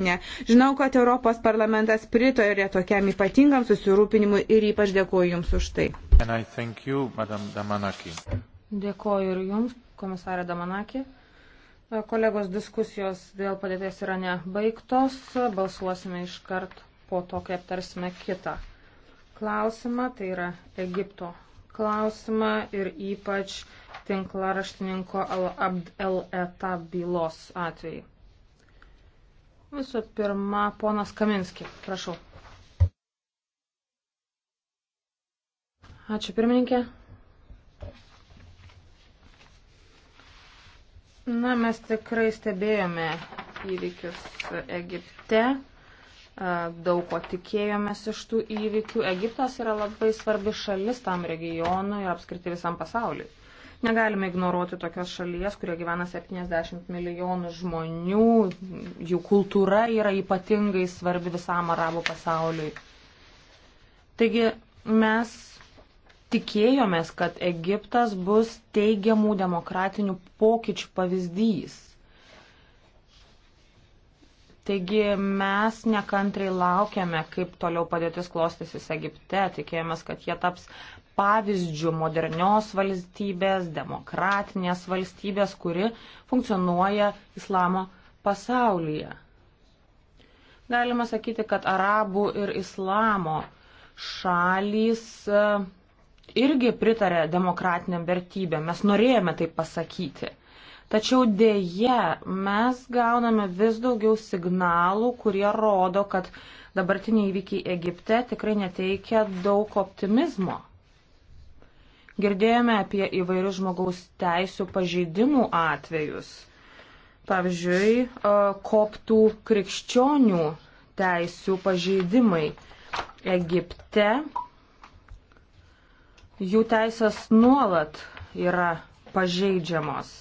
Ne. Žinau, kad Europos parlamentas pritarė tokiam ypatingam susirūpinimui ir ypač dėkuoju Jums už tai. You, dėkuoju ir Jums, komisarė Damanaki. E, kolegos diskusijos dėl padėties yra nebaigtos. Balsuosime iš kart po to, kai aptarsime kitą klausimą. Tai yra Egipto klausimą ir ypač tinklaraštininko Al-Abd El-Eta bylos atvejai. Visų pirma, ponas Kaminski, prašau. Ačiū pirmininkė. Na, mes tikrai stebėjome įvykius Egipte, daug ko tikėjomės iš tų įvykių. Egiptas yra labai svarbi šalis tam regionui ir apskritai visam pasauliui. Negalime ignoruoti tokios šalies, kurie gyvena 70 milijonų žmonių, jų kultūra yra ypatingai svarbi visam arabų pasauliui. Taigi mes tikėjomės, kad Egiptas bus teigiamų demokratinių pokyčių pavyzdys. Taigi mes nekantrai laukiame, kaip toliau padėtis klostysis Egipte, tikėjomės, kad jie taps pavyzdžių modernios valstybės, demokratinės valstybės, kuri funkcionuoja islamo pasaulyje. Galima sakyti, kad arabų ir islamo šalys e, irgi pritarė demokratiniam vertybėm. Mes norėjome tai pasakyti. Tačiau dėje mes gauname vis daugiau signalų, kurie rodo, kad dabartiniai įvykiai Egipte tikrai neteikia daug optimizmo. Girdėjome apie įvairius žmogaus teisų pažeidimų atvejus. Pavyzdžiui, koptų krikščionių teisų pažeidimai Egipte. Jų teisės nuolat yra pažeidžiamos.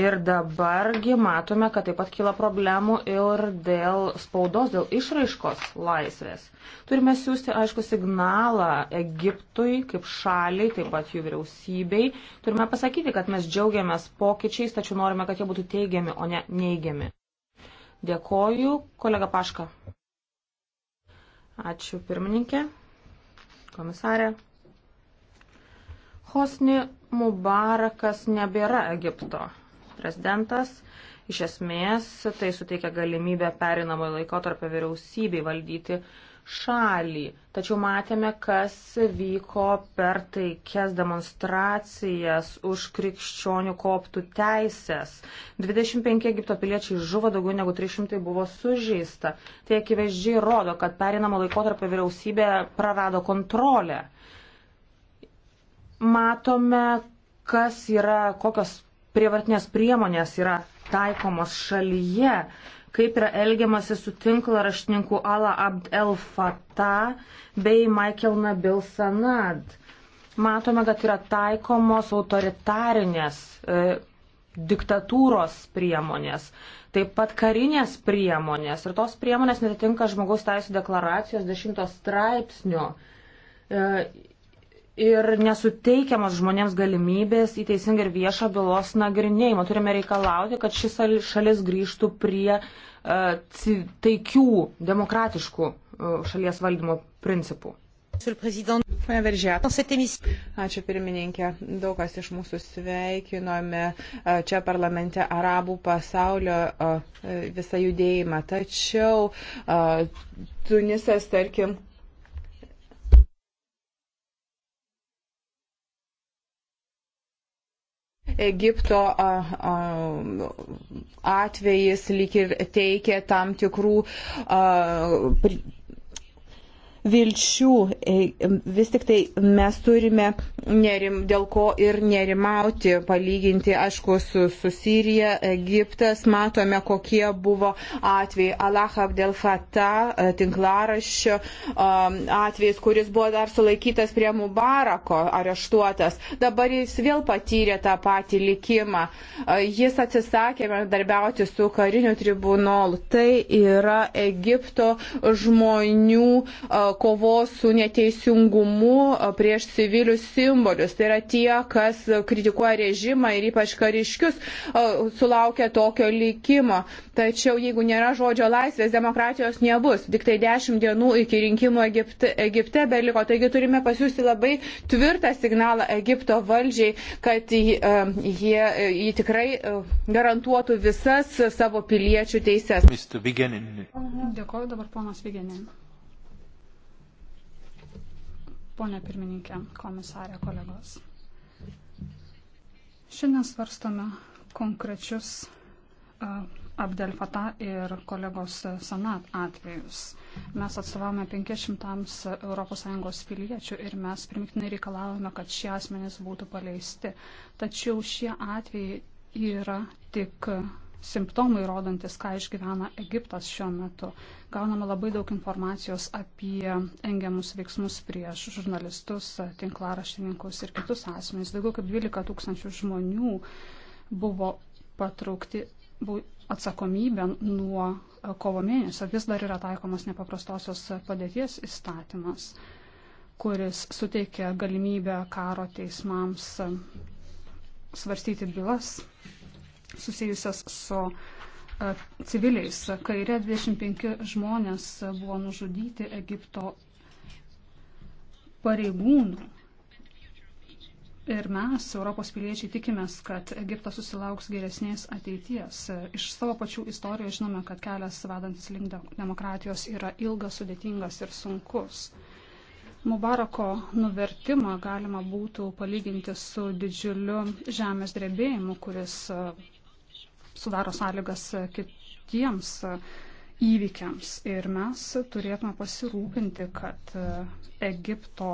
Ir dabargi matome, kad taip pat kyla problemų ir dėl spaudos, dėl išraiškos laisvės. Turime siūsti aišku signalą Egiptui kaip šaliai, taip pat jų vyriausybei. Turime pasakyti, kad mes džiaugiamės pokyčiais, tačiau norime, kad jie būtų teigiami, o ne neigiami. Dėkoju, kolega Paška. Ačiū pirmininkė, komisarė. Hosni Mubarakas nebėra Egipto prezidentas. Iš esmės, tai suteikia galimybę perinamojo laikotarpio vyriausybei valdyti šalį. Tačiau matėme, kas vyko per taikias demonstracijas už krikščionių koptų teisės. 25 Egipto piliečiai žuvo, daugiau negu 300 buvo sužeista. Tai akivaizdžiai rodo, kad perinamo laikotarpio vyriausybė prarado kontrolę. Matome, kas yra, kokios prievartinės priemonės yra taikomos šalyje, kaip yra elgiamasi su tinklaraštininku Ala Abd El Fatah bei Michael Nabil Sanad. Matome, kad yra taikomos autoritarinės e, diktatūros priemonės, taip pat karinės priemonės ir tos priemonės netitinka žmogaus teisų deklaracijos 10 straipsnio. E, ir nesuteikiamas žmonėms galimybės į teisingą ir viešą bylos nagrinėjimą. Turime reikalauti, kad šis šalis grįžtų prie e, taikių, demokratiškų e, šalies valdymo principų. Ačiū pirmininkė. Daug kas iš mūsų sveikinome e, čia parlamente arabų pasaulio visą judėjimą. Tačiau Tunisas, tarkim, Egipto atvejis lyg ir teikia tam tikrų vilčių. E, vis tik tai mes turime nerim, dėl ko ir nerimauti, palyginti, aišku, su, su Sirija, Egiptas, matome, kokie buvo atvejai. Allah Abdel Fattah e, tinklaraščio e, atvejais, kuris buvo dar sulaikytas prie Mubarako, areštuotas. Dabar jis vėl patyrė tą patį likimą. Jis atsisakė bendarbiauti su kariniu tribunolu. Tai yra Egipto žmonių kovos su neteisingumu prieš civilius simbolius. Tai yra tie, kas kritikuoja režimą ir ypač kariškius sulaukia tokio likimo. Tačiau jeigu nėra žodžio laisvės, demokratijos nebus. Tik tai dešimt dienų iki rinkimų Egipte, Egipte beliko. Taigi turime pasiūsti labai tvirtą signalą Egipto valdžiai, kad jie, jie tikrai garantuotų visas savo piliečių teises. Dėkuoju dabar ponas Vigenin. Pone pirmininkė, komisarė, kolegos. Šiandien svarstome konkrečius Abdel Fatah ir kolegos Sanat atvejus. Mes atstovavome 500 ES piliečių ir mes primiktinai reikalavome, kad šie asmenys būtų paleisti. Tačiau šie atvejai yra tik simptomai rodantis, ką išgyvena Egiptas šiuo metu. Gauname labai daug informacijos apie engiamus veiksmus prieš žurnalistus, tinklaraštininkus ir kitus asmenys. Daugiau kaip 12 tūkstančių žmonių buvo patraukti atsakomybę nuo kovo mėnesio. Vis dar yra taikomas nepaprastosios padėties įstatymas, kuris suteikia galimybę karo teismams svarstyti bylas susijusias su e, civiliais. Kairė 25 žmonės buvo nužudyti Egipto pareigūnų. Ir mes, Europos piliečiai, tikimės, kad Egiptas susilauks geresnės ateities. Iš savo pačių istorijų žinome, kad kelias vedantis link demokratijos yra ilgas, sudėtingas ir sunkus. Mubarako nuvertimą galima būtų palyginti su didžiuliu žemės drebėjimu, kuris sudaro sąlygas kitiems įvykiams. Ir mes turėtume pasirūpinti, kad e, Egipto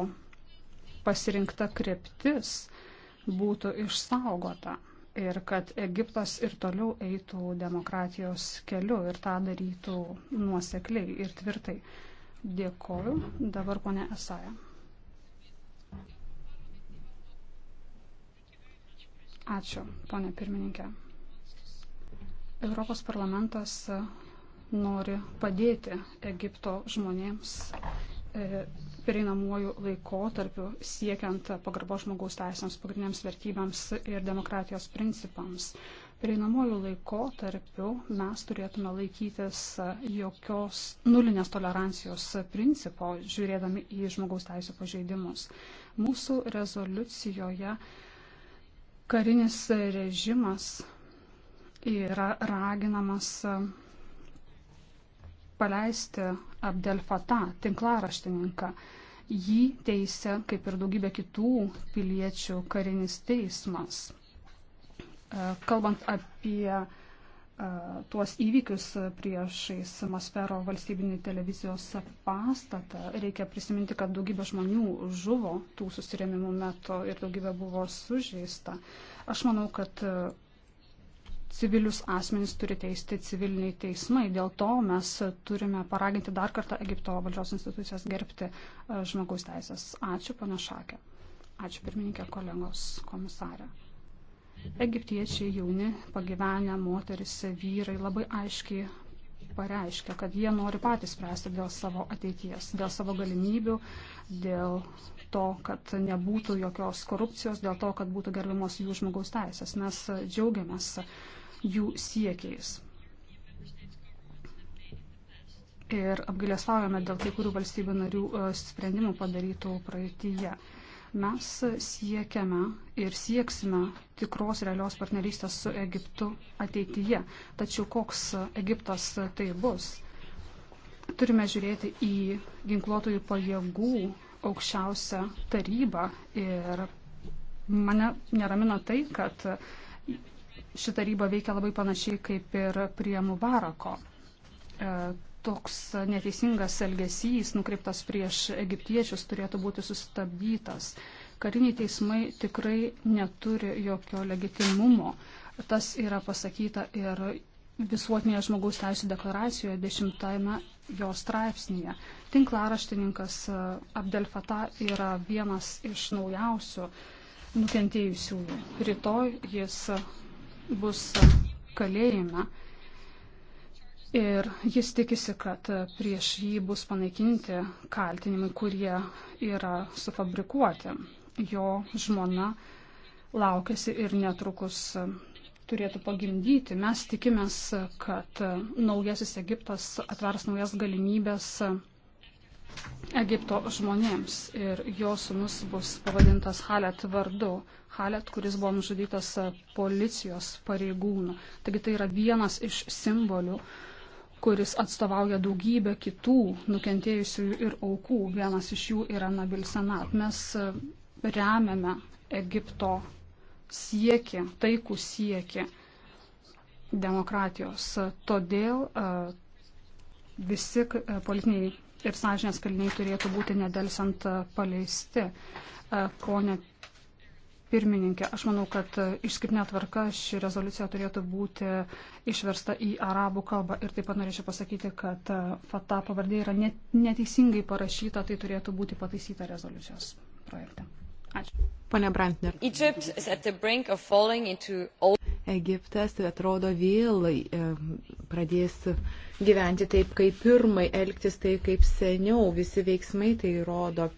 pasirinkta kryptis būtų išsaugota ir kad Egiptas ir toliau eitų demokratijos keliu ir tą darytų nuosekliai ir tvirtai. Dėkoju. Dabar ponė Esaja. Ačiū, ponė pirmininkė. Europos parlamentas e, nori padėti Egipto žmonėms e, pereinamuoju laikotarpiu siekiant pagarbo žmogaus teisėms, pagrindiniams vertybėms ir demokratijos principams. Pereinamuoju laikotarpiu mes turėtume laikytis jokios nulinės tolerancijos principo, žiūrėdami į žmogaus teisų pažeidimus. Mūsų rezoliucijoje karinis režimas yra raginamas e, paleisti Abdel Fatah, tinklaraštininką. Jį teisė, kaip ir daugybė kitų piliečių, karinis teismas. E, kalbant apie e, tuos įvykius priešais Masfero valstybinį televizijos pastatą, reikia prisiminti, kad daugybė žmonių žuvo tų susirėmimų metu ir daugybė buvo sužeista. Aš manau, kad civilius asmenys turi teisti civiliniai teismai. Dėl to mes turime paraginti dar kartą Egipto valdžios institucijas gerbti e, žmogaus teisės. Ačiū, pana Šakė. Ačiū, pirmininkė, kolegos komisarė. Egiptiečiai jauni, pagyvenę moteris, vyrai labai aiškiai pareiškia, kad jie nori patys spręsti dėl savo ateities, dėl savo galimybių, dėl to, kad nebūtų jokios korupcijos, dėl to, kad būtų gerbiamos jų žmogaus teisės. Mes džiaugiamės jų siekiais. Ir apgailėstaujame dėl kai kurių valstybių narių e, sprendimų padarytų praeitįje. Mes siekiame ir sieksime tikros realios partnerystės su Egiptu ateityje. Tačiau koks Egiptas tai bus? Turime žiūrėti į ginkluotojų pajėgų aukščiausią tarybą ir mane neramina tai, kad ši taryba veikia labai panašiai kaip ir prie Mubarako. E, toks neteisingas elgesys nukreiptas prieš egiptiečius turėtų būti sustabdytas. Kariniai teismai tikrai neturi jokio legitimumo. Tas yra pasakyta ir visuotinėje žmogaus teisų deklaracijoje dešimtajame jo straipsnėje. Tinklaraštininkas e, Abdel Fatah yra vienas iš naujausių nukentėjusiųjų. Rytoj jis bus kalėjime. Ir jis tikisi, kad prieš jį bus panaikinti kaltinimai, kurie yra sufabrikuoti. Jo žmona laukėsi ir netrukus turėtų pagimdyti. Mes tikimės, kad naujasis Egiptas atvers naujas galimybės Egipto žmonėms ir jo sunus bus pavadintas Halet vardu. Halet, kuris buvo nužudytas policijos pareigūnų. Taigi tai yra vienas iš simbolių, kuris atstovauja daugybę kitų nukentėjusių ir aukų. Vienas iš jų yra Nabil Senat. Mes e, remiame Egipto siekį, taikų siekį demokratijos. Todėl e, visi politiniai ir sąžinės kaliniai turėtų būti nedelsant e, paleisti. E, pone pirmininkė, aš manau, kad e, išskirtinė tvarka ši rezoliucija turėtų būti išversta į arabų kalbą. Ir taip pat norėčiau pasakyti, kad fata pavardė yra neteisingai parašyta, tai turėtų būti pataisyta rezoliucijos projekte. Ačiū. Pone Brantner. Egiptas atrodo vėl pradės gyventi taip kaip pirmai, elgtis taip kaip seniau. Visi veiksmai tai rodo.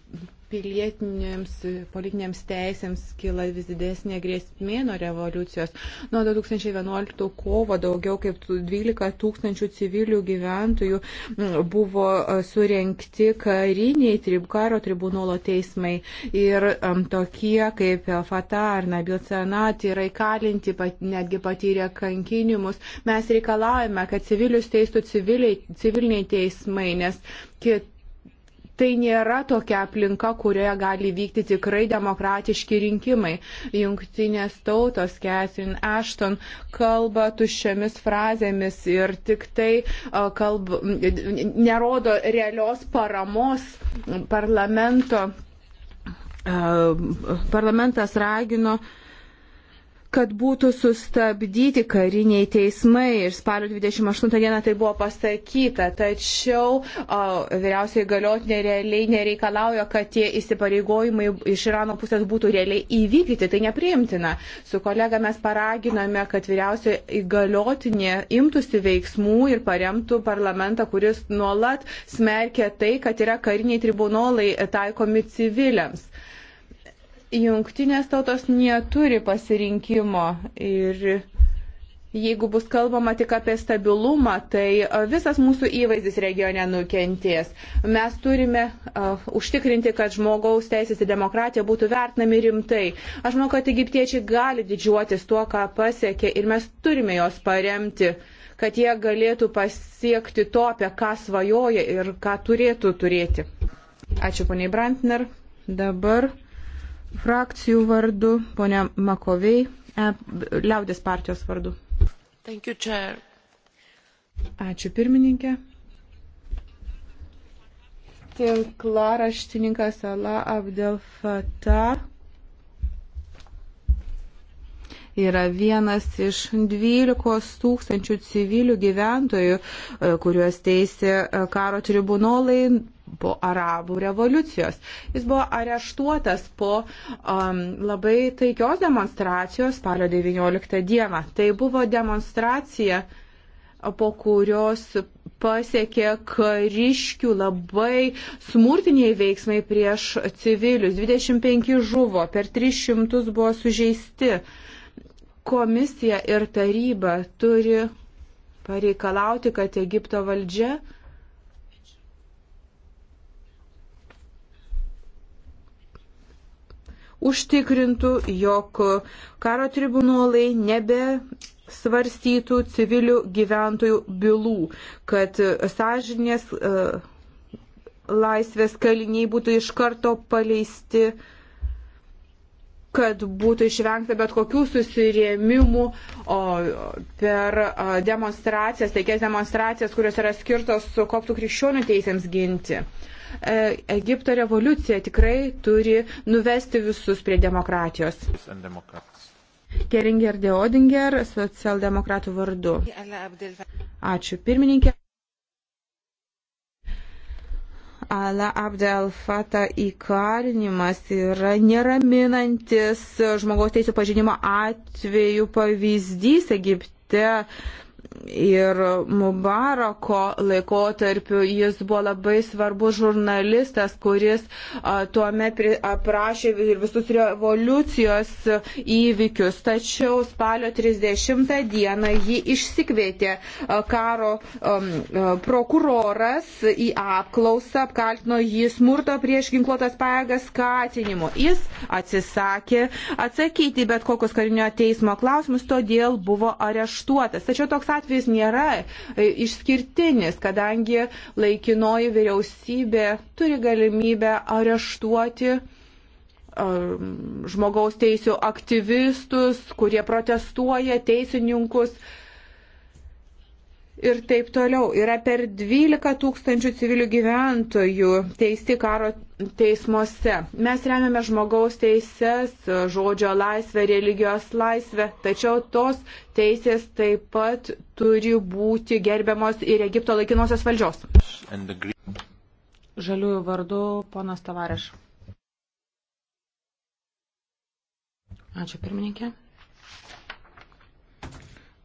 Pilietinėms, politinėms teisėms kyla vis didesnė grėsmė nuo revoliucijos. Nuo 2011 kovo daugiau kaip 12 tūkstančių civilių gyventojų mm, buvo surenkti kariniai trib, karo tribunolo teismai ir um, tokie kaip Fata ar Nabil Senat yra įkalinti, pat, netgi patyrė kankinimus. Mes reikalavome, kad civilius teistų civiliai, civiliniai teismai, nes kit, tai nėra tokia aplinka, kurioje gali vykti tikrai demokratiški rinkimai. Jungtinės tautos Catherine Ashton kalba tuščiamis frazėmis ir tik tai kalb, nerodo realios paramos parlamento. Parlamentas ragino uh, kad būtų sustabdyti kariniai teismai. Ir spalio 28 dieną tai buvo pasakyta. Tačiau o, vyriausiai galiotinė realiai nereikalauja, kad tie įsipareigojimai iš Irano pusės būtų realiai įvykdyti. Tai nepriimtina. Su kolega mes paraginame, kad vyriausiai įgaliotinė imtųsi veiksmų ir paremtų parlamentą, kuris nuolat smerkia tai, kad yra kariniai tribunolai taikomi civiliams jungtinės tautos neturi pasirinkimo ir jeigu bus kalbama tik apie stabilumą, tai visas mūsų įvaizdis regione nukentės. Mes turime uh, užtikrinti, kad žmogaus teisės ir demokratija būtų vertinami rimtai. Aš manau, kad egiptiečiai gali didžiuotis tuo, ką pasiekė ir mes turime juos paremti kad jie galėtų pasiekti to, apie ką svajoja ir ką turėtų turėti. Ačiū poniai Brantner. Dabar frakcijų vardu, ponia Makovei, e, liaudės partijos vardu. Thank you, chair. Ačiū pirmininkė. Tinklaraštininkas Ala Abdel Fatah yra vienas iš 12 tūkstančių civilių gyventojų, e, kuriuos teisė e, karo tribunolai po arabų revoliucijos. Jis buvo areštuotas po um, labai taikios demonstracijos spalio 19 dieną. Tai buvo demonstracija, po kurios pasiekė kariškių labai smurtiniai veiksmai prieš civilius. 25 žuvo, per 300 buvo sužeisti. Komisija ir taryba turi pareikalauti, kad Egipto valdžia užtikrintų, jog karo tribunolai nebe svarstytų civilių gyventojų bylų, kad sąžinės e, laisvės kaliniai būtų iš karto paleisti kad būtų išvengta bet kokių susirėmimų o, per o, e, demonstracijas, taikės demonstracijas, kurios yra skirtos koptų krikščionių teisėms ginti. O, E, Egipto revoliucija tikrai turi nuvesti visus prie demokratijos. Geringer de Odinger, socialdemokratų vardu. Ačiū pirmininkė. Ala Abdel Fata įkarinimas yra neraminantis žmogaus teisų pažinimo atveju pavyzdys Egipte ir Mubarako laikotarpiu jis buvo labai svarbus žurnalistas, kuris tuo metu aprašė ir visus revoliucijos įvykius. Tačiau spalio 30 dieną jį išsikvietė karo um, prokuroras į apklausą, apkaltino jį smurto prieš ginkluotas pajėgas skatinimu. Jis atsisakė atsakyti bet kokius karinio teismo klausimus, todėl buvo areštuotas. Tačiau toks atvejis nėra e, išskirtinis, kadangi laikinoji vyriausybė turi galimybę areštuoti um, žmogaus teisų aktyvistus, kurie protestuoja, teisininkus ir taip toliau. Yra per 12 tūkstančių civilių gyventojų teisti karo teismuose. Mes remiame žmogaus teises, žodžio laisvę, religijos laisvę, tačiau tos teisės taip pat turi būti gerbiamos ir Egipto laikinosios valdžios. Žaliųjų vardu ponas Tavareš. Ačiū pirmininkė.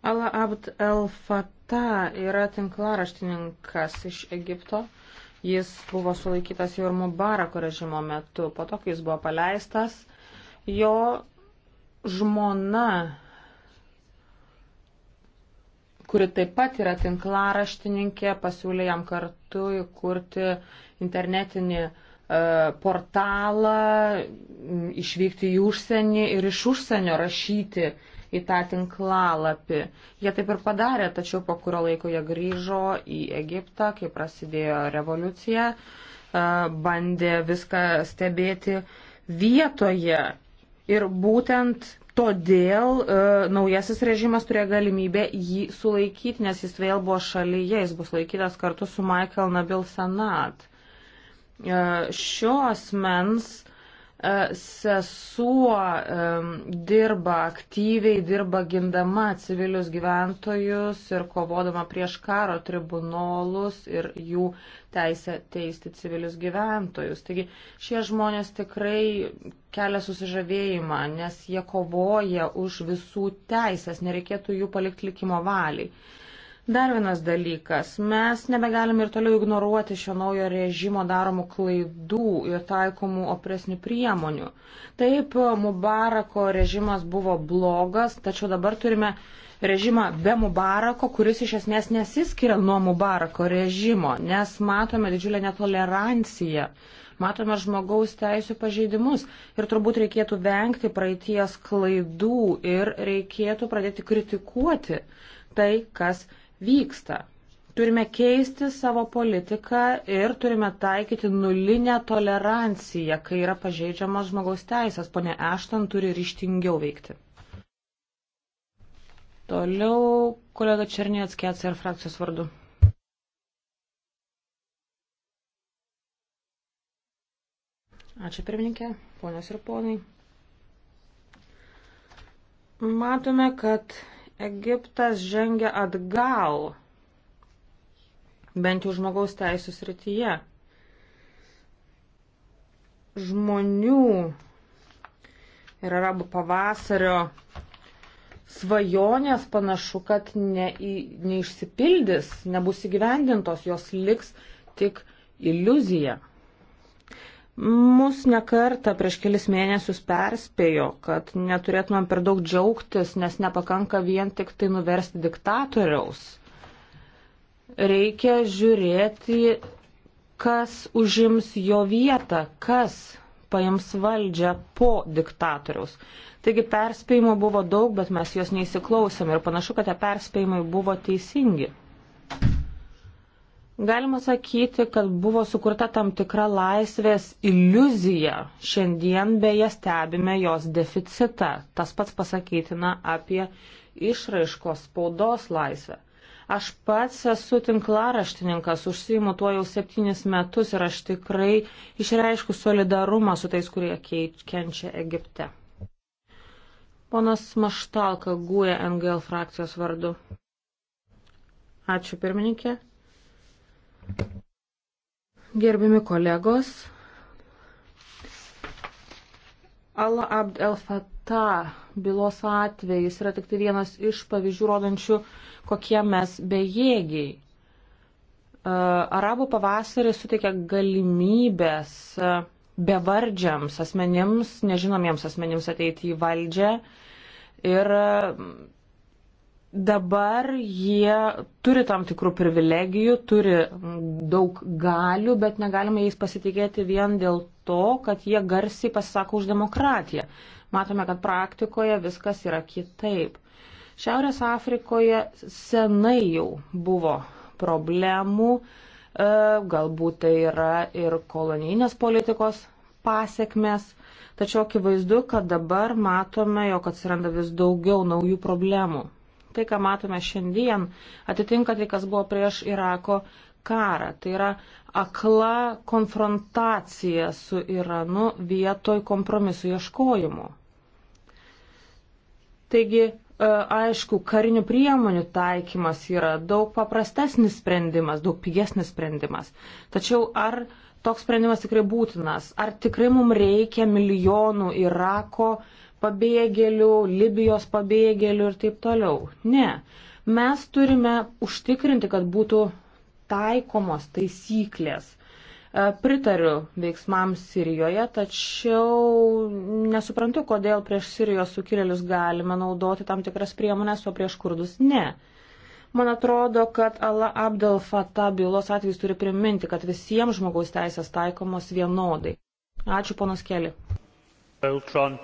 Ala Abd El Fat Fata yra tinklaraštininkas iš Egipto. Jis buvo sulaikytas jau ir Mubarako režimo metu. Po to, kai jis buvo paleistas, jo žmona, kuri taip pat yra tinklaraštininkė, pasiūlė jam kartu įkurti internetinį e, portalą, išvykti į užsienį ir iš užsienio rašyti uh, į tą tinklalapį. Jie taip ir padarė, tačiau po kurio laiko jie grįžo į Egiptą, kai prasidėjo revoliucija, e, bandė viską stebėti vietoje. Ir būtent todėl e, naujasis režimas turėjo galimybę jį sulaikyti, nes jis vėl buvo šalyje, jis bus laikytas kartu su Michael Nabil Sanat. E, šio asmens E, sesuo e, dirba aktyviai, dirba gindama civilius gyventojus ir kovodama prieš karo tribunolus ir jų teisę teisti civilius gyventojus. Taigi šie žmonės tikrai kelia susižavėjimą, nes jie kovoja už visų teisės, nereikėtų jų palikti likimo valiai. Dar vienas dalykas. Mes nebegalime ir toliau ignoruoti šio naujo režimo daromų klaidų ir taikomų opresnių priemonių. Taip, Mubarako režimas buvo blogas, tačiau dabar turime režimą be Mubarako, kuris iš esmės nesiskiria nuo Mubarako režimo, nes matome didžiulę netoleranciją. Matome žmogaus teisų pažeidimus ir turbūt reikėtų vengti praeities klaidų ir reikėtų pradėti kritikuoti tai, kas vyksta. Turime keisti savo politiką ir turime taikyti nulinę toleranciją, kai yra pažeidžiamas žmogaus teisės. Pone Ešton turi ryštingiau veikti. Toliau kolega Černiec Kets ir frakcijos vardu. Ačiū pirmininkė, ponios ir ponai. Matome, kad Egiptas žengia atgal, bent jau žmogaus teisų srityje. Žmonių ir arabų pavasario svajonės panašu, kad ne, neišsipildys, nebus įgyvendintos, jos liks tik iliuzija. Mus nekarta prieš kelis mėnesius perspėjo, kad neturėtumėm per daug džiaugtis, nes nepakanka vien tik tai nuversti diktatoriaus. Reikia žiūrėti, kas užims jo vietą, kas paims valdžią po diktatoriaus. Taigi perspėjimų buvo daug, bet mes juos neįsiklausėm ir panašu, kad tie perspėjimai buvo teisingi. Galima sakyti, kad buvo sukurta tam tikra laisvės iliuzija. Šiandien beje stebime jos deficitą. Tas pats pasakytina apie išraiškos spaudos laisvę. Aš pats esu tinklaraštininkas, užsijimu tuo jau septynis metus ir aš tikrai išreiškiu solidarumą su tais, kurie kenčia Egipte. Ponas Maštalka guoja NGL frakcijos vardu. Ačiū pirmininkė. Gerbiami kolegos, Ala Abd El Fatah bylos atvejis yra tik tai vienas iš pavyzdžių rodančių, kokie mes bejėgiai. E, arabų pavasarį suteikia galimybės e, bevardžiams asmenims, nežinomiems asmenims ateiti į valdžią ir dabar jie turi tam tikrų privilegijų, turi daug galių, bet negalime jais pasitikėti vien dėl to, kad jie garsiai pasisako už demokratiją. Matome, kad praktikoje viskas yra kitaip. Šiaurės Afrikoje senai jau buvo problemų, e, galbūt tai yra ir kolonijinės politikos pasiekmes, tačiau akivaizdu, kad dabar matome, jog atsiranda vis daugiau naujų problemų tai, ką matome šiandien, atitinka tai, kas buvo prieš Irako karą. Tai yra akla konfrontacija su Iranu vietoj kompromisų ieškojimu. Taigi, e, aišku, karinių priemonių taikymas yra daug paprastesnis sprendimas, daug pigesnis sprendimas. Tačiau ar toks sprendimas tikrai būtinas? Ar tikrai mums reikia milijonų Irako? pabėgėlių, Libijos pabėgėlių ir taip toliau. Ne. Mes turime užtikrinti, kad būtų taikomos taisyklės. E, pritariu veiksmams Sirijoje, tačiau nesuprantu, kodėl prieš Sirijos sukilėlius galime naudoti tam tikras priemonės, o prieš kurdus ne. Man atrodo, kad Ala Abdel Fata bylos atvejs turi priminti, kad visiems žmogaus teisės taikomos vienodai. Ačiū, ponas Keli. Beltron.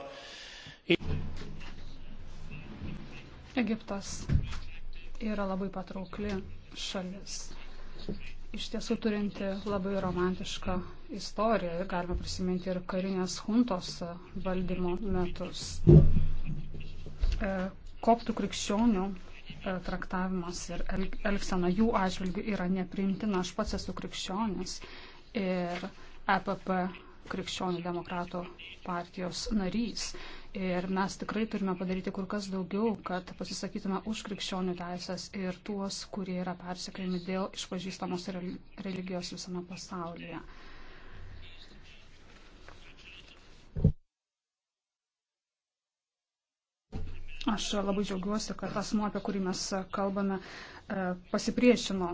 Egiptas yra labai patraukli šalis. Iš tiesų turinti labai romantišką istoriją ir galima prisiminti ir karinės huntos valdymo metus. E, koptų krikščionių e, traktavimas ir elgsena jų atžvilgių yra neprimtina. Aš pats esu krikščionis ir EPP krikščionių demokratų partijos narys. Ir mes tikrai turime padaryti kur kas daugiau, kad pasisakytume už krikščionių teisės ir tuos, kurie yra persikėjami dėl išpažįstamos religijos visame pasaulyje. Aš labai džiaugiuosi, kad asmo, apie kurį mes kalbame, e, pasipriešino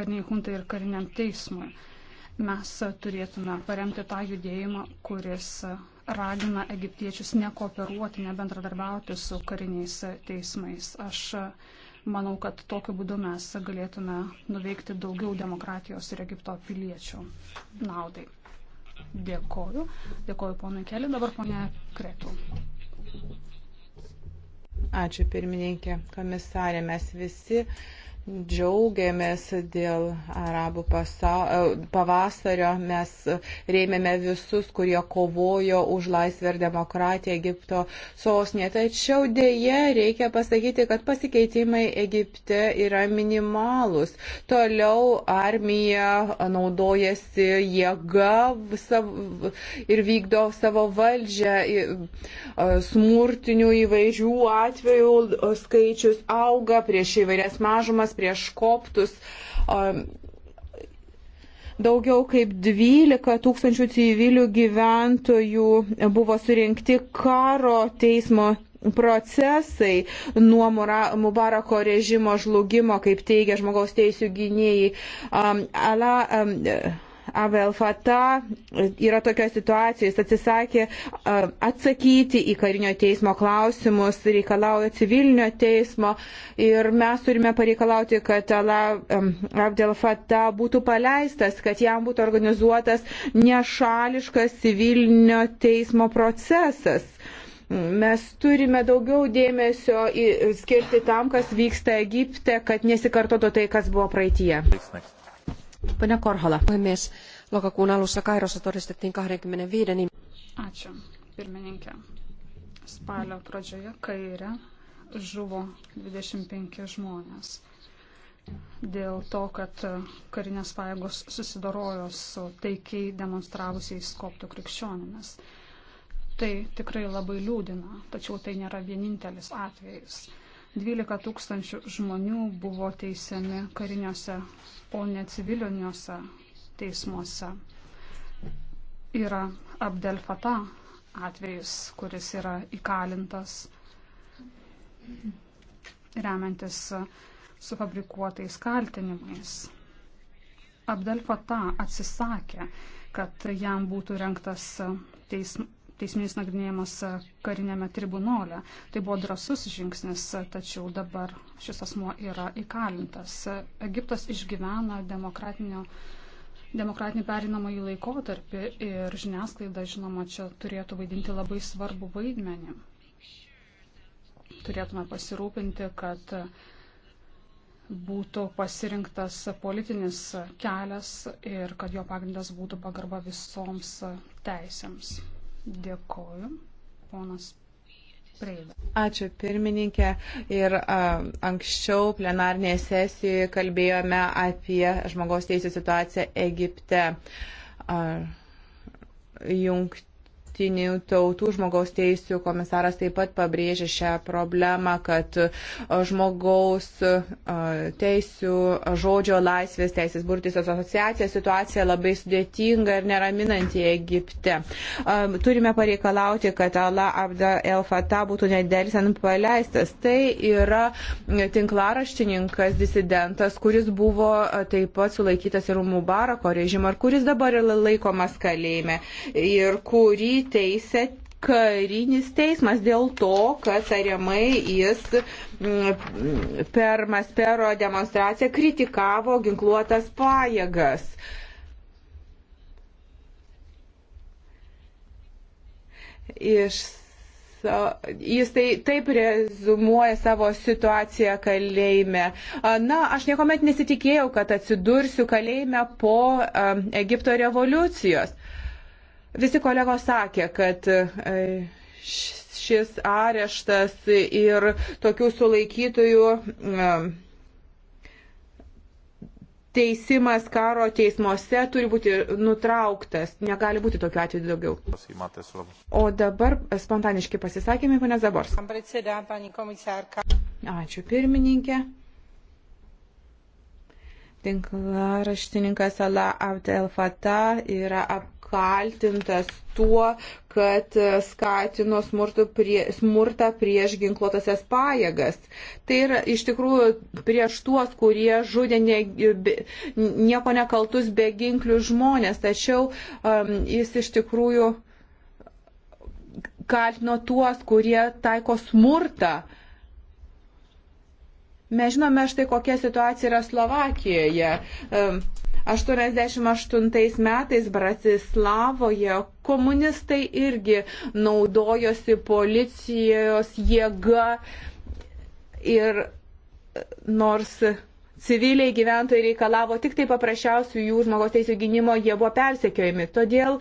kariniai huntai ir kariniam teismui. Mes turėtume paremti tą judėjimą, kuris ragina egiptiečius nekooperuoti, nebendradarbiauti su kariniais teismais. Aš e, manau, kad tokiu būdu mes galėtume nuveikti daugiau demokratijos ir Egipto piliečių naudai. Dėkoju. Dėkoju ponui Keliu. Dabar ponė Kretų. Ačiū pirmininkė, komisarė. Mes visi džiaugiamės dėl arabų pasau... E, pavasario, mes rėmėme visus, kurie kovojo už laisvę ir demokratiją Egipto sosnė. Tačiau dėje reikia pasakyti, kad pasikeitimai Egipte yra minimalus. Toliau armija naudojasi jėga ir vykdo savo valdžią. E, smurtinių įvairių atvejų skaičius auga prieš įvairias mažumas veiksmas prieš koptus. Daugiau kaip 12 tūkstančių civilių gyventojų buvo surinkti karo teismo procesai nuo Mubarako režimo žlugimo, kaip teigia žmogaus teisų gynėjai. Um, ala, um, Abel Fata e, yra tokios situacijos, jis atsisakė e, atsakyti į karinio teismo klausimus, reikalauja civilinio teismo ir mes turime pareikalauti, kad Abdel Fata būtų paleistas, kad jam būtų organizuotas nešališkas civilinio teismo procesas. Mes turime daugiau dėmesio skirti tam, kas vyksta Egipte, kad nesikartotų tai, kas buvo praeitie. Next, next. Pane Korhola. Puhemies, lokakuun alussa Kairossa todistettiin 25 nimi. Ačiū, pirmininkė. Spalio pradžioje kairė žuvo 25 žmonės dėl to, kad karinės pajėgos susidorojo su taikiai demonstravusiais koptų krikščionimis. Tai tikrai labai liūdina, tačiau tai nėra vienintelis atvejis. 12 tūkstančių žmonių buvo teisiami kariniuose, o ne civiliniuose teismuose. Yra Abdel Fatah atvejis, kuris yra įkalintas remiantis sufabrikuotais kaltinimais. Abdel Fatah atsisakė, kad jam būtų renktas teism, teisminis nagrinėjimas karinėme tribunole. Tai buvo drasus žingsnis, tačiau dabar šis asmo yra įkalintas. Egiptas išgyvena demokratinio. Demokratinį perinamąjį laikotarpį ir žiniasklaida, žinoma, čia turėtų vaidinti labai svarbu vaidmenį. Turėtume pasirūpinti, kad būtų pasirinktas politinis kelias ir kad jo pagrindas būtų pagarba visoms teisėms. Dėkoju, ponas Ačiū pirmininkė. Ir a, anksčiau plenarnėje sesijoje kalbėjome apie žmogaus teisų situaciją Egipte. A, jungt Jungtinių tautų žmogaus teisų komisaras taip pat pabrėžė šią problemą, kad žmogaus teisų, žodžio laisvės, teisės burtis asociacija situacija labai sudėtinga ir neraminanti Egipte. Turime pareikalauti, kad Allah Abda El Fatah būtų nedėlisant paleistas. Tai yra tinklaraštininkas, disidentas, kuris buvo taip pat sulaikytas ir Mubarako režimo, ir kuris dabar yra laikomas kalėjime, ir kurį teisę karinis teismas dėl to, kad tariamai jis mm, per Maspero demonstraciją kritikavo ginkluotas pajėgas. Iš Jis tai taip rezumuoja savo situaciją kalėjime. Na, aš niekuomet nesitikėjau, kad atsidursiu kalėjime po Egipto revoliucijos. Visi kolegos sakė, kad e, šis areštas ir tokių sulaikytųjų e, teisimas karo teismuose turi būti nutrauktas. Negali būti tokiu atveju daugiau. O dabar spontaniški pasisakymai, pane Zabors. Ačiū pirmininkė. Tinklaraštininkas Ala Abdel Fatah yra ap apkaltintas tuo, kad skatino prie, smurtą prieš ginkluotasias pajėgas. Tai yra iš tikrųjų prieš tuos, kurie žudė ne, be, nieko nekaltus beginklių žmonės, tačiau um, jis iš tikrųjų kaltino tuos, kurie taiko smurtą. Mes žinome štai kokia situacija yra Slovakijoje. Um, 88 metais Bratislavoje komunistai irgi naudojosi policijos jėga ir nors civiliai gyventojai reikalavo tik tai paprasčiausių jų žmogaus teisų gynimo, jie buvo persekiojami. Todėl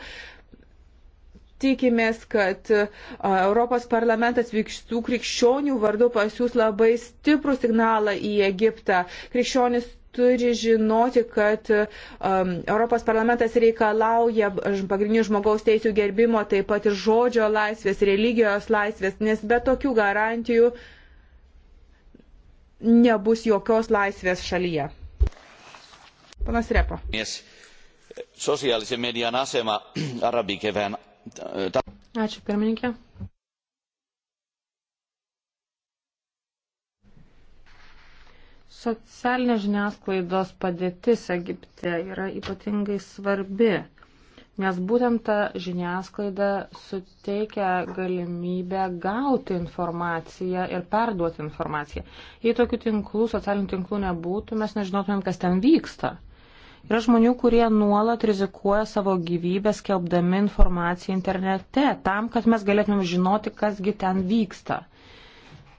tikimės, kad e, Europos parlamentas vykštų krikščionių vardu pasiūs labai stiprų signalą į Egiptą. Krikščionis turi žinoti, kad um, Europos parlamentas reikalauja pagrindinių žmogaus teisų gerbimo, taip pat ir žodžio laisvės, religijos laisvės, nes be tokių garantijų nebus jokios laisvės šalyje. Panas Repo. Yes. Sosiaalisen median asema arabikevään. Ačiū pirmininkė. Socialinė žiniasklaidos padėtis Egipte yra ypatingai svarbi, nes būtent ta žiniasklaida suteikia galimybę gauti informaciją ir perduoti informaciją. Jei tokių tinklų, socialinių tinklų nebūtų, mes nežinotumėm, kas ten vyksta. Yra žmonių, kurie nuolat rizikuoja savo gyvybę skelbdami informaciją internete, tam, kad mes galėtumėm žinoti, kasgi ten vyksta.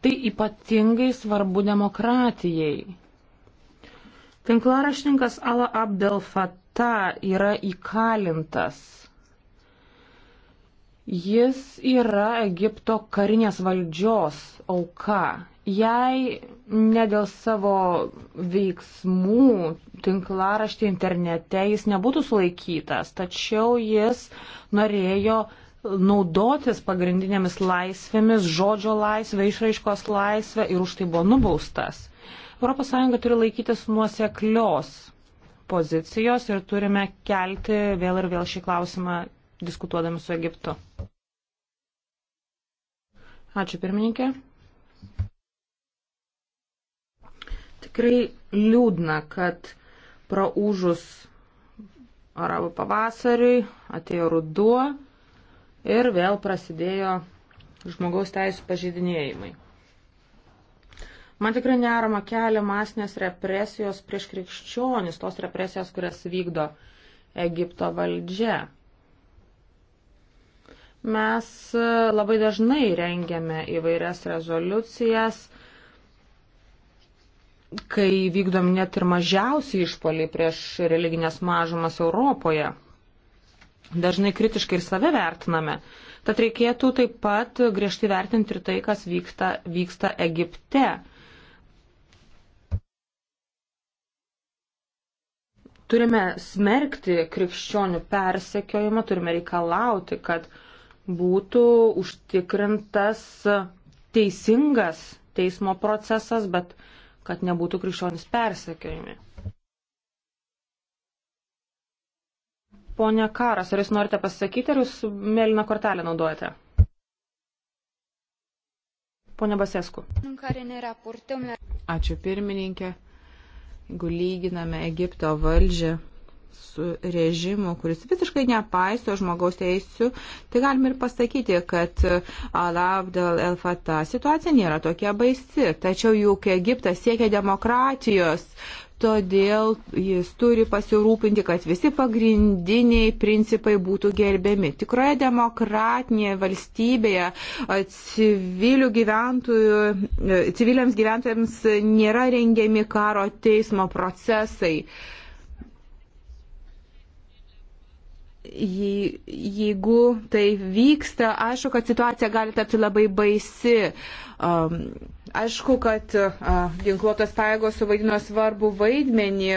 Tai ypatingai svarbu demokratijai. Tinklaraštininkas Ala Abdel Fattah yra įkalintas. Jis yra Egipto karinės valdžios auka. Jei ne dėl savo veiksmų tinklaraštį internete jis nebūtų sulaikytas, tačiau jis norėjo naudotis pagrindinėmis laisvėmis, žodžio laisvė, išraiškos laisvė ir už tai buvo nubaustas. ES turi laikytis nuoseklios pozicijos ir turime kelti vėl ir vėl šį klausimą diskutuodami su Egiptu. Ačiū pirmininkė. Tikrai liūdna, kad praūžus arabų pavasariui atėjo ruduo ir vėl prasidėjo žmogaus teisų pažeidinėjimai. Man tikrai nerama kelia masinės represijos prieš krikščionis, tos represijos, kurias vykdo Egipto valdžia. Mes e, labai dažnai rengiame įvairias rezoliucijas, kai vykdom net ir mažiausiai išpoliai prieš religinės mažumas Europoje dažnai kritiškai ir save vertiname. Tad reikėtų taip pat griežtai vertinti ir tai, kas vyksta, vyksta Egipte. Turime smerkti krikščionių persekiojimą, turime reikalauti, kad būtų užtikrintas teisingas teismo procesas, bet kad nebūtų krikščionis persekiojami. Pone Karas, ar jūs norite pasakyti, ar jūs mėlyną kortelę naudojate? Pone Basesku. Ačiū pirmininkė. Jeigu lyginame Egipto valdžią su režimu, kuris visiškai nepaiso žmogaus teisų, tai galime ir pasakyti, kad Al-Abdel El-Fatah situacija nėra tokia baisi. Tačiau juk Egiptas siekia demokratijos, todėl jis turi pasirūpinti, kad visi pagrindiniai principai būtų gerbiami. Tikroje demokratinėje valstybėje gyventojų, civiliams gyventojams nėra rengiami karo teismo procesai. Uh, jeigu tai vyksta, aišku, kad situacija gali tapti labai baisi. Um, aišku, kad ginkluotos pajėgos suvaidino svarbu vaidmenį,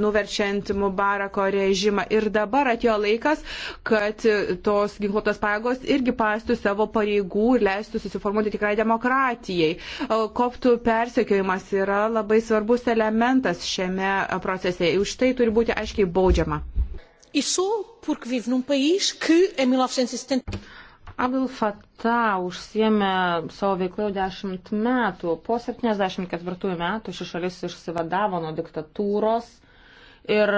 nuverčiant Mubarako režimą. Ir dabar atėjo laikas, kad tos ginkluotos pajėgos irgi pastų savo pareigų ir leistų susiformuoti tikrai demokratijai. Koptų persekiojimas yra labai svarbus elementas šiame procese. Už tai turi būti aiškiai baudžiama e sou porque vivo num país que em 1970. Abil Fatah užsiemė savo veiklą jau dešimt metų. Po 74 metų ši šalis išsivadavo nuo diktatūros. Ir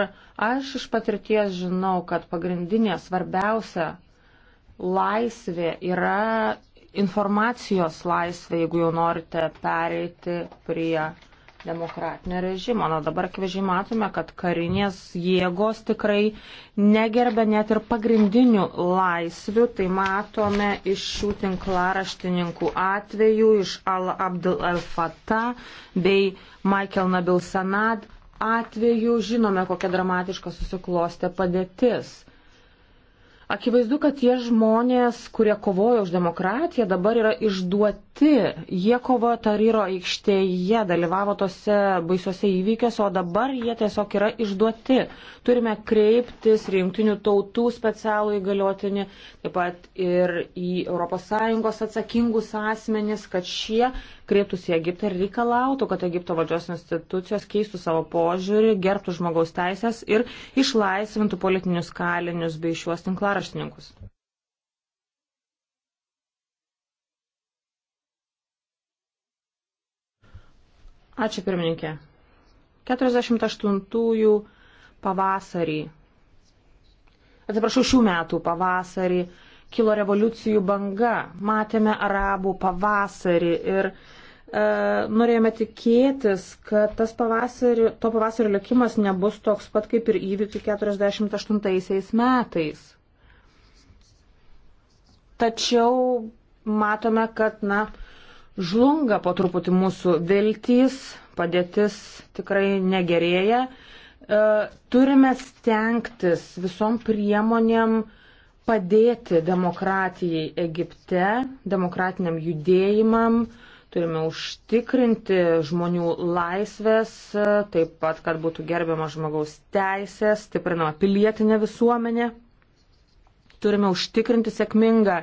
aš iš patirties žinau, kad pagrindinė svarbiausia laisvė yra informacijos laisvė, jeigu jau norite pereiti prie demokratinio režimo. Na dabar akivaizdžiai matome, kad karinės jėgos tikrai negerbė net ir pagrindinių laisvių. Tai matome iš šių tinklaraštininkų atvejų, iš Al-Abdul Al-Fatah bei Michael Nabil Sanad atveju. Žinome, kokia dramatiška susiklostė padėtis. Akivaizdu, kad tie žmonės, kurie kovojo už demokratiją, dabar yra išduoti. Jie kovojo Taryro aikštėje, dalyvavo tose baisiuose įvykiuose, o dabar jie tiesiog yra išduoti. Turime kreiptis rinktinių tautų specialų įgaliotinį, taip pat ir į ES atsakingus asmenis, kad šie kreiptųsi į Egiptą ir reikalautų, kad Egipto valdžios institucijos keistų savo požiūrį, gertų žmogaus teisės ir išlaisvintų politinius kalinius bei šiuos tinklaraštininkus. Ačiū pirmininkė. 48-ųjų pavasarį, atsiprašau, šių metų pavasarį kilo revoliucijų banga. Matėme arabų pavasarį ir E, norėjome tikėtis, kad tas pavasarį, to pavasario likimas nebus toks pat kaip ir įvykių 48 metais. Tačiau matome, kad, na, žlunga po truputį mūsų viltys, padėtis tikrai negerėja. E, turime stengtis visom priemonėm padėti demokratijai Egipte, demokratiniam judėjimam, uh, Turime užtikrinti žmonių laisvės, taip pat, kad būtų gerbiama žmogaus teisės, stiprinama pilietinė visuomenė. Turime užtikrinti sėkmingą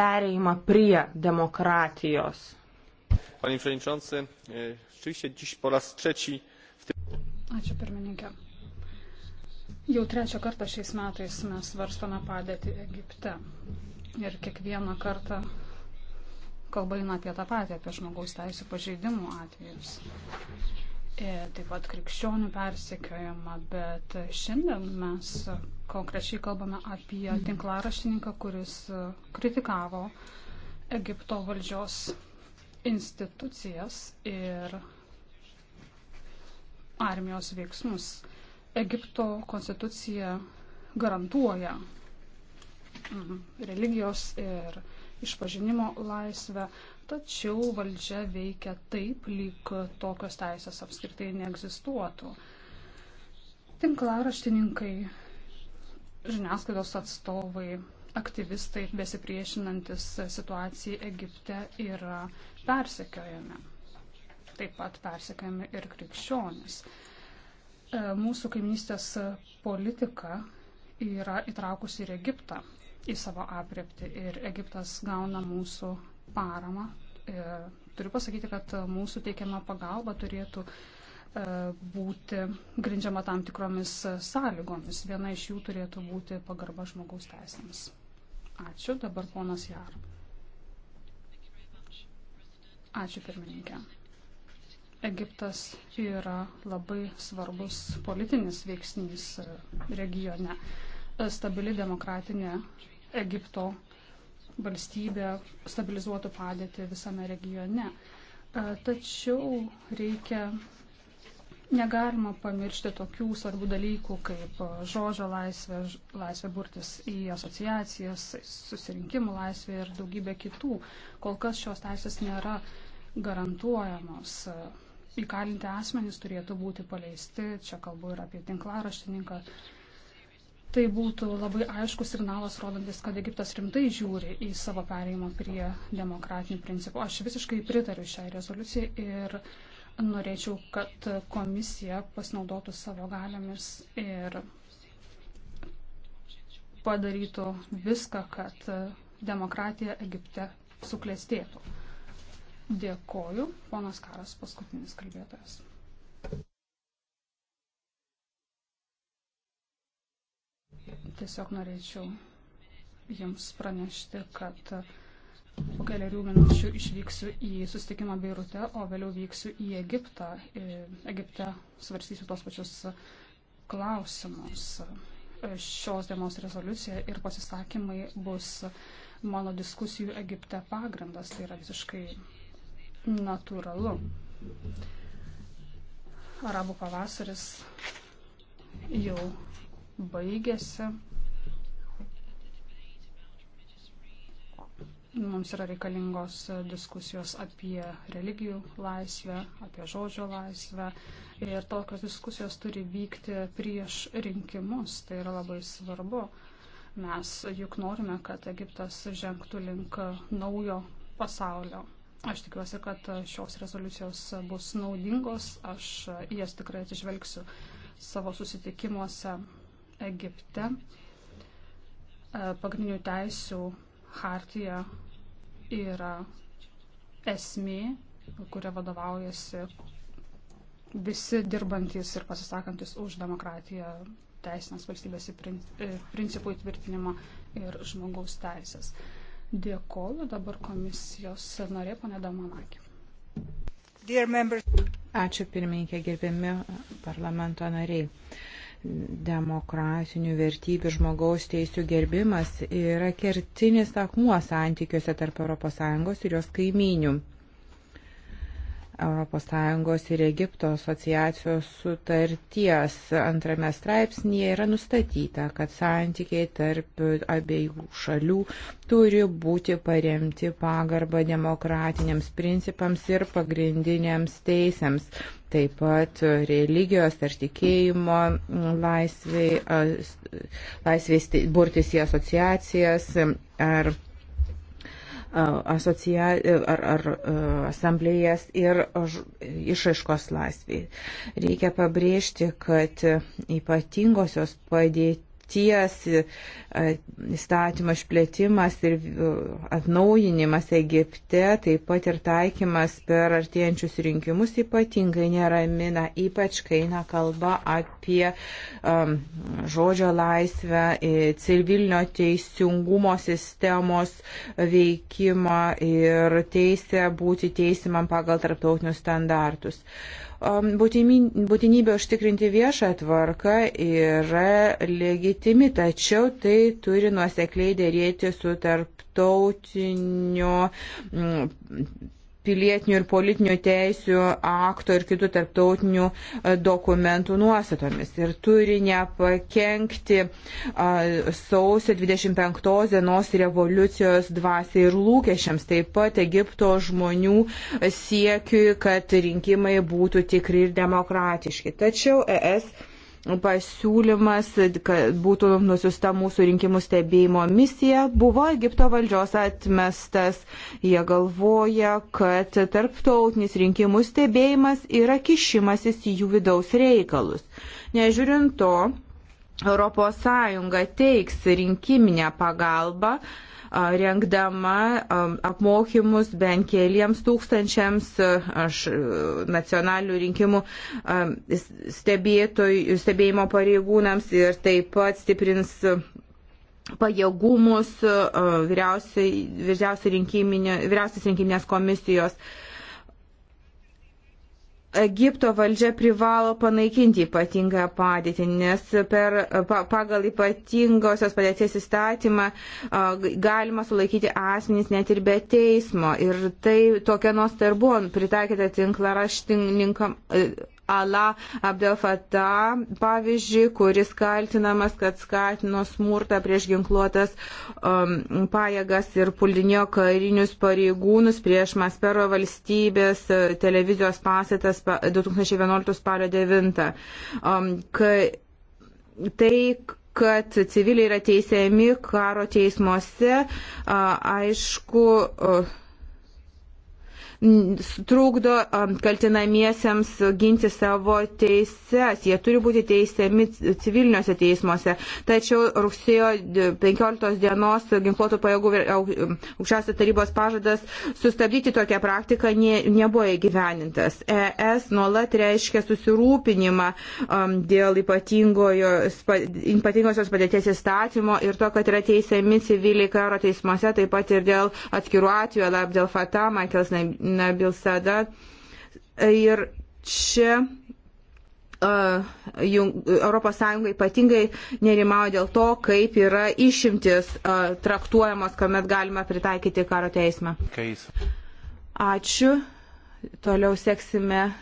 pereimą prie demokratijos. Panie Przewodniczący, e, rzeczywiście dziś po raz trzeci w tym. Ačiū pirmininkė. Jau trečią kartą šiais metais mes svarstame padėtį Egipte. Ir kiekvieną kartą kalba eina apie tą patį, apie žmogaus teisų pažeidimų atvejus. Ir e, taip pat krikščionių persekiojama, bet šiandien mes konkrečiai kalbame apie tinklaraštininką, kuris kritikavo Egipto valdžios institucijas ir armijos veiksmus. Egipto konstitucija garantuoja mhm, religijos ir išpažinimo laisvę, tačiau valdžia veikia taip, lyg tokios teisės apskritai neegzistuotų. Tinklaraštininkai, žiniasklaidos atstovai, aktyvistai besipriešinantis situacijai Egipte yra persekiojami. Taip pat persekiojami ir krikščionis. E, mūsų kaimynystės politika yra įtraukusi ir Egiptą į savo apriepti ir Egiptas gauna mūsų paramą. Ir e, turiu pasakyti, kad mūsų teikiama pagalba turėtų e, būti grindžiama tam tikromis sąlygomis. Viena iš jų turėtų būti pagarba žmogaus teisėms. Ačiū. Dabar ponas Jar. Ačiū pirmininkė. Egiptas yra labai svarbus politinis veiksnys regione. Stabili demokratinė Egipto valstybė stabilizuotų padėtį visame regione. Tačiau reikia, negalima pamiršti tokių svarbių dalykų kaip žodžio laisvė, laisvė burtis į asociacijas, susirinkimų laisvė ir daugybė kitų. Kol kas šios teisės nėra garantuojamos. Įkalinti asmenys turėtų būti paleisti, čia kalbu ir apie tinklaraštininką Tai būtų labai aiškus signalas, rodantis, kad Egiptas rimtai žiūri į savo perėjimą prie demokratinių principų. Aš visiškai pritariu šiai rezoliucijai ir norėčiau, kad komisija pasinaudotų savo galiomis ir padarytų viską, kad demokratija Egipte suklestėtų. Dėkoju, ponas Karas, paskutinis kalbėtojas. Tiesiog norėčiau Jums pranešti, kad po keliarių minučių išvyksiu į susitikimą Beirute, o vėliau vyksiu į Egiptą. E, Egipte svarstysiu tos pačius klausimus. E, šios dienos rezoliucija ir pasisakymai bus mano diskusijų Egipte pagrindas. Tai yra visiškai natūralu. Arabų pavasaris jau baigėsi. Mums yra reikalingos diskusijos apie religijų laisvę, apie žodžio laisvę. Ir tokios diskusijos turi vykti prieš rinkimus. Tai yra labai svarbu. Mes juk norime, kad Egiptas žengtų link naujo pasaulio. Aš tikiuosi, kad šios rezoliucijos bus naudingos. Aš jas tikrai atsižvelgsiu savo susitikimuose Egipte. Pagrindinių teisių hartija yra esmė, kuria vadovaujasi visi dirbantis ir pasisakantis už demokratiją, teisinės valstybės e, principų įtvirtinimą ir žmogaus teisės. Dėkoju dabar komisijos narė, ponė Damanakė. Ačiū pirmininkė, gerbiami parlamento nariai demokratinių vertybių žmogaus teisų gerbimas yra kertinis akmuo santykiuose tarp ES ir jos kaimynių. ES ir Egipto asociacijos sutarties antrame straipsnėje yra nustatyta, kad santykiai tarp abiejų šalių turi būti paremti pagarba demokratiniams principams ir pagrindiniams teisėms, taip pat religijos ar tikėjimo laisviai, laisvės burtis į asociacijas ar asocia, ar, ar asamblėjas ir išaiškos laisviai. Reikia pabrėžti, kad ypatingosios padėti sutarties įstatymo išplėtimas ir atnaujinimas Egipte, taip pat ir taikymas per artėjančius rinkimus ypatingai neramina, ypač kai eina kalba apie um, žodžio laisvę, civilinio teisingumo sistemos veikimą ir teisę būti teisimam pagal tarptautinius standartus. Uh, būtinybė užtikrinti viešą tvarką yra legitimi, tačiau tai turi nuosekliai dėrėti su tarptautiniu pilietinių ir politinių teisių akto ir kitų tarptautinių e, dokumentų nuostatomis ir turi nepakenkti sausio 25 dienos revoliucijos dvasiai ir lūkesčiams, taip pat Egipto žmonių siekiui, kad rinkimai būtų tikri ir demokratiški. Tačiau ES pasiūlymas, kad būtų nusiusta mūsų rinkimų stebėjimo misija, buvo Egipto valdžios atmestas. Jie galvoja, kad tarptautinis rinkimų stebėjimas yra kišimasis į jų vidaus reikalus. Nežiūrint to, ES teiks rinkiminę pagalbą rengdama apmokymus bent keliems tūkstančiams aš, nacionalinių rinkimų stebėjimo pareigūnams ir taip pat stiprins pajėgumus vyriausios rinkiminės komisijos Egipto valdžia privalo panaikinti ypatingą padėtį, nes per, pa, pagal ypatingosios padėties įstatymą a, galima sulaikyti asmenys net ir be teismo. Ir tai tokia nuosta ir buvo pritaikyta tinklaraštininkam Ala Abdel Fattah, pavyzdžiui, kuris kaltinamas, kad skatino smurtą prieš ginkluotas um, pajėgas ir puldinio karinius pareigūnus prieš Maspero valstybės e, televizijos pasatas 2011 spalio 9. Um, kai, tai, kad civiliai yra teisiami karo teismuose, aišku, trukdo um, kaltinamiesiems ginti savo teises. Jie turi būti teisiami civiliniuose teismuose. Tačiau rugsėjo 15 dienos ginkluotų pajėgų aukščiausios tarybos pažadas sustabdyti tokią praktiką ne, nebuvo įgyvenintas. ES nuolat reiškia susirūpinimą um, dėl ypatingosios padėties įstatymo ir to, kad yra teisiami civiliai karo teismuose, taip pat ir dėl atskirų atvejų, lab dėl Fatah, Michael Nabil Sadat. Ir čia ES ypatingai nerimauja dėl to, kaip yra išimtis traktuojamos, kuomet galima pritaikyti karo teismą. Ačiū. Toliau seksime,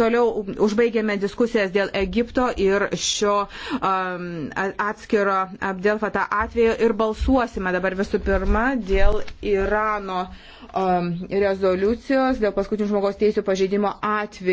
toliau užbaigėme diskusijas dėl Egipto ir šio atskiro Abdelfata atveju ir balsuosime dabar visų pirma dėl Irano rezoliucijos, dėl paskutinių žmogaus teisų pažeidimo atveju.